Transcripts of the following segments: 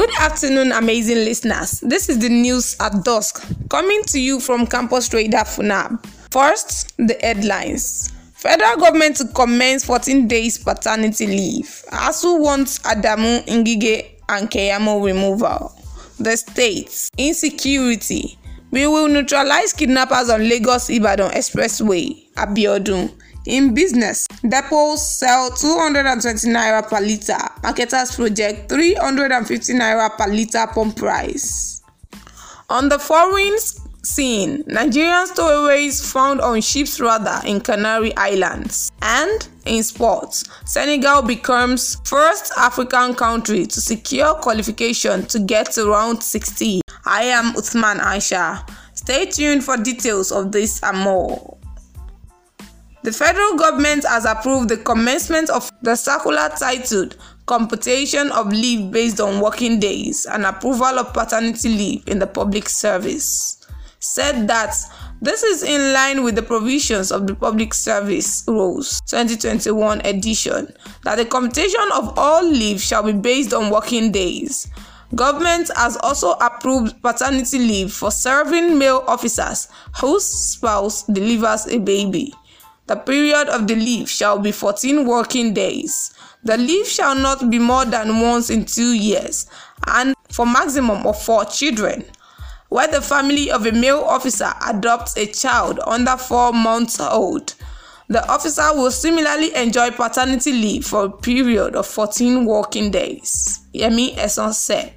Good afternoon, amazing listeners. This is the news at dusk coming to you from Campus Radar FUNAB. First, the headlines. Federal government to commence 14 days paternity leave. ASU wants Adamu Ngige and Keyamo removal. The states. Insecurity. We will neutralize kidnappers on Lagos Ibadan Expressway. Abiodun in business. Depots sell 220 naira per liter. Marketers project 350 naira per liter pump price. On the foreign scene, Nigerian stowaways found on ships rather in Canary Islands and in sports. Senegal becomes first African country to secure qualification to get to round 16. I am Uthman Aisha. Stay tuned for details of this and more. The federal government has approved the commencement of the circular titled Computation of Leave Based on Working Days and Approval of Paternity Leave in the Public Service, said that this is in line with the provisions of the Public Service Rules 2021 edition that the computation of all leave shall be based on working days. Government has also approved paternity leave for serving male officers whose spouse delivers a baby. The period of the leaf shall be 14 working days. The leaf shall not be more than once in two years, and for maximum of four children. Where the family of a male officer adopts a child under four months old, the officer will similarly enjoy paternity leave for a period of 14 working days, Yemi Eson said.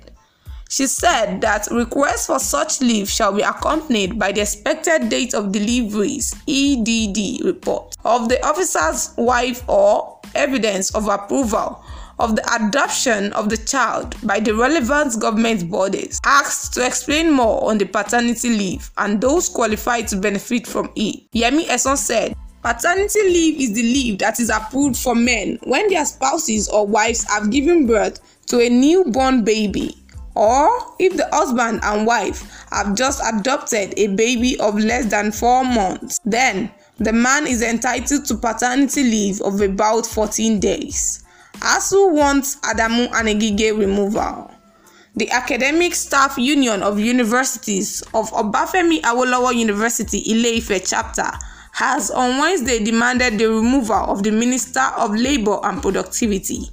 She said that requests for such leave shall be accompanied by the expected date of deliveries EDD report of the officer's wife or evidence of approval of the adoption of the child by the relevant government bodies, asked to explain more on the paternity leave and those qualified to benefit from it. Yemi Esson said, Paternity leave is the leave that is approved for men when their spouses or wives have given birth to a newborn baby or if the husband and wife have just adopted a baby of less than 4 months, then the man is entitled to paternity leave of about 14 days. ASU wants Adamu Anegige removal. The Academic Staff Union of Universities of Obafemi Awolowo University Ileife chapter has on Wednesday demanded the removal of the Minister of Labor and Productivity,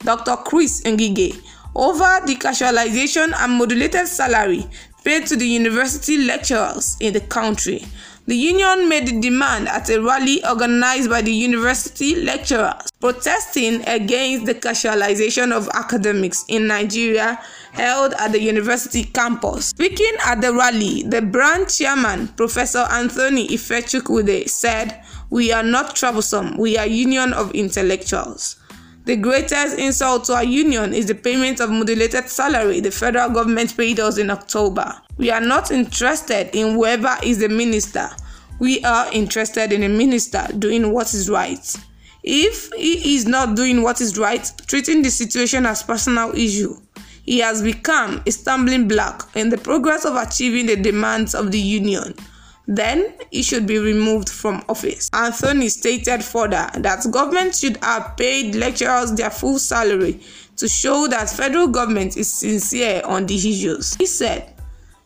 Dr. Chris Ngige, over the casualization and modulated salary paid to the university lecturers in the country. The union made the demand at a rally organized by the university lecturers protesting against the casualization of academics in Nigeria held at the university campus. Speaking at the rally, the branch chairman, Professor Anthony Ifechukwude, said, "We are not troublesome. We are union of intellectuals." The greatest insult to our union is the payment of modulated salary the federal government paid us in October. We are not interested in whoever is the minister. We are interested in a minister doing what is right. If he is not doing what is right, treating the situation as personal issue, he has become a stumbling block in the progress of achieving the demands of the union. Then he should be removed from office. Anthony stated further that government should have paid lecturers their full salary to show that federal government is sincere on the issues. He said,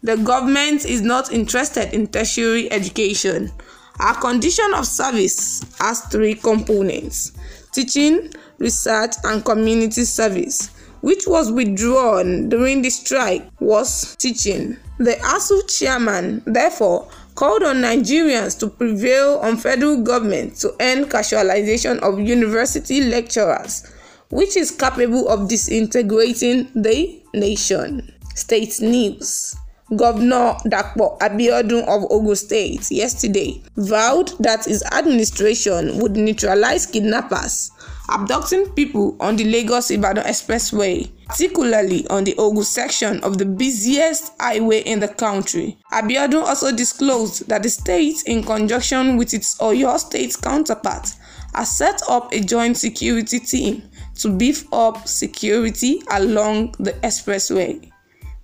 the government is not interested in tertiary education. Our condition of service has three components teaching, research, and community service, which was withdrawn during the strike, was teaching. The ASU chairman, therefore, called on Nigerians to prevail on federal government to end casualization of university lecturers, which is capable of disintegrating the nation. State News. Governor Dakpo Abiodun of Ogun State yesterday vowed that his administration would neutralize kidnappers abducting people on the Lagos Ibadan Expressway, particularly on the Ogun section of the busiest highway in the country. Abiodun also disclosed that the state, in conjunction with its Oyo State counterpart, has set up a joint security team to beef up security along the expressway.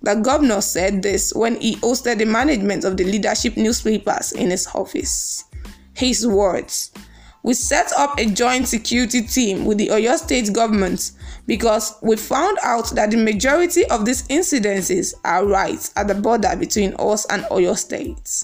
The governor said this when he hosted the management of the leadership newspapers in his office. His words We set up a joint security team with the Oyo State government because we found out that the majority of these incidences are right at the border between us and Oyo State.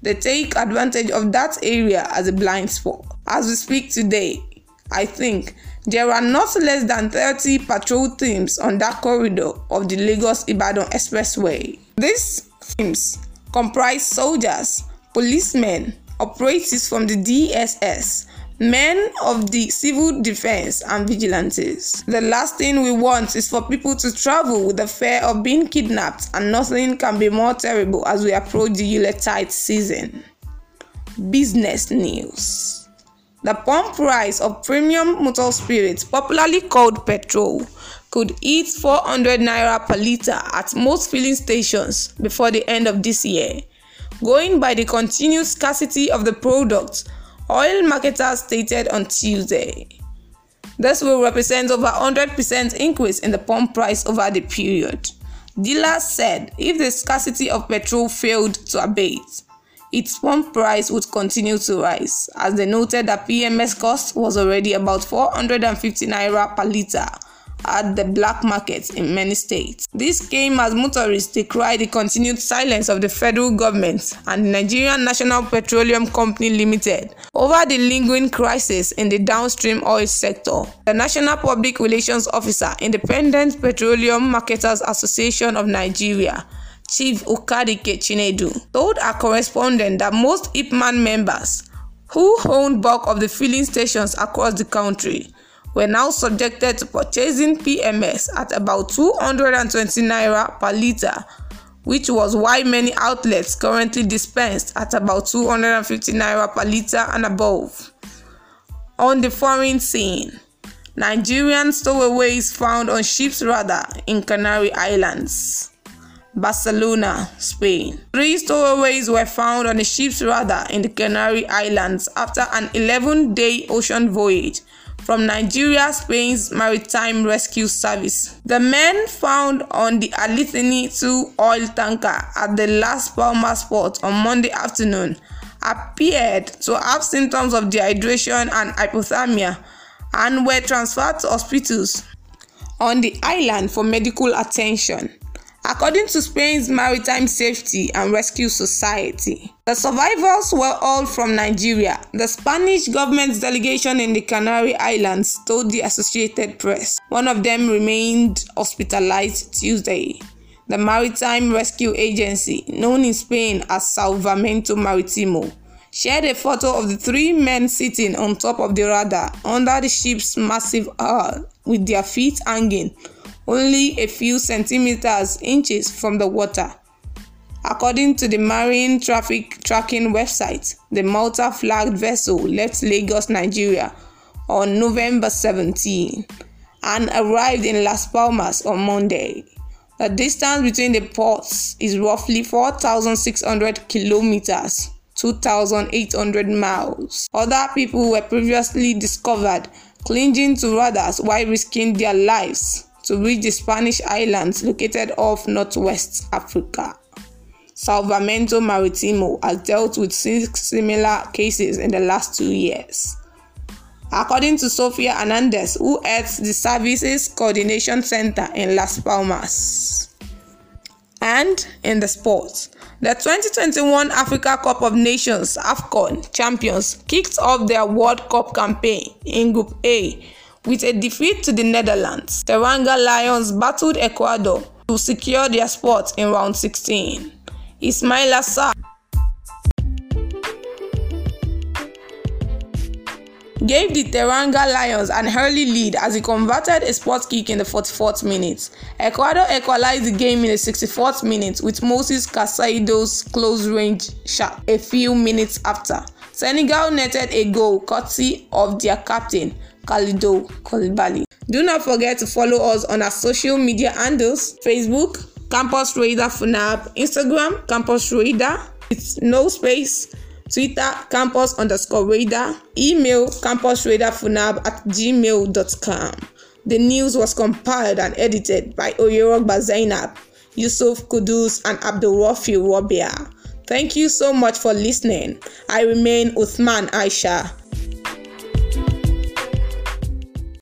They take advantage of that area as a blind spot. As we speak today, I think there are not less than 30 patrol teams on that corridor of the Lagos Ibadan Expressway. These teams comprise soldiers, policemen, operatives from the DSS, men of the civil defense, and vigilantes. The last thing we want is for people to travel with the fear of being kidnapped, and nothing can be more terrible as we approach the Yuletide season. Business news. The pump price of premium motor spirits, popularly called petrol, could hit 400 naira per litre at most filling stations before the end of this year. Going by the continued scarcity of the product, oil marketers stated on Tuesday. This will represent over 100% increase in the pump price over the period. Dealers said if the scarcity of petrol failed to abate, its pump price would continue to rise, as they noted that PMS cost was already about 450 naira per litre at the black market in many states. This came as motorists decried the continued silence of the federal government and the Nigerian National Petroleum Company Limited over the lingering crisis in the downstream oil sector. The National Public Relations Officer, Independent Petroleum Marketers Association of Nigeria, Chief Ukadike Chinedu, told our correspondent that most IPMAN members who owned bulk of the filling stations across the country were now subjected to purchasing PMS at about 220 naira per litre, which was why many outlets currently dispensed at about 250 naira per litre and above. On the foreign scene, Nigerian stowaways found on ships' radar in Canary Islands. Barcelona, Spain. Three stowaways were found on a ship's rudder in the Canary Islands after an 11 day ocean voyage from Nigeria Spain's Maritime Rescue Service. The men found on the Alithini 2 oil tanker at the Las Palmas port on Monday afternoon appeared to have symptoms of dehydration and hypothermia and were transferred to hospitals on the island for medical attention. According to Spain's Maritime Safety and Rescue Society, the survivors were all from Nigeria. The Spanish government's delegation in the Canary Islands told the Associated Press. One of them remained hospitalized Tuesday. The Maritime Rescue Agency, known in Spain as Salvamento Maritimo, shared a photo of the three men sitting on top of the rudder under the ship's massive hull with their feet hanging only a few centimeters inches from the water. According to the Marine Traffic Tracking website, the Malta flagged vessel left Lagos, Nigeria on November 17 and arrived in Las Palmas on Monday. The distance between the ports is roughly 4,600 kilometers, 2,800 miles. Other people were previously discovered clinging to rudders while risking their lives. to reach the Spanish islands located off northwest Africa. Salvamento Maritimo has dealt with six similar cases in the last two years. According to Sofia Hernandez, who heads the Services Coordination Center in Las Palmas. And in the sports, the 2021 Africa Cup of Nations AFCON champions kicked off their World Cup campaign in Group A with a defeat to the Netherlands, Teranga Lions battled Ecuador to secure their spot in round 16. Ismail Assar gave the Teranga Lions an early lead as he converted a spot kick in the 44th minute. Ecuador equalized the game in the 64th minute with Moses Casaido's close-range shot a few minutes after. Senegal netted a goal courtesy of their captain Kalido Kolibali. Do not forget to follow us on our social media handles Facebook, Campus Raider Funab, Instagram, Campus Raider, it's no space, Twitter, Campus underscore Raider, email, Campus Raider Funab at gmail.com. The news was compiled and edited by Oyerogba Zainab, Yusuf Kudus, and Abdul Rafi Robia. Thank you so much for listening. I remain Uthman Aisha.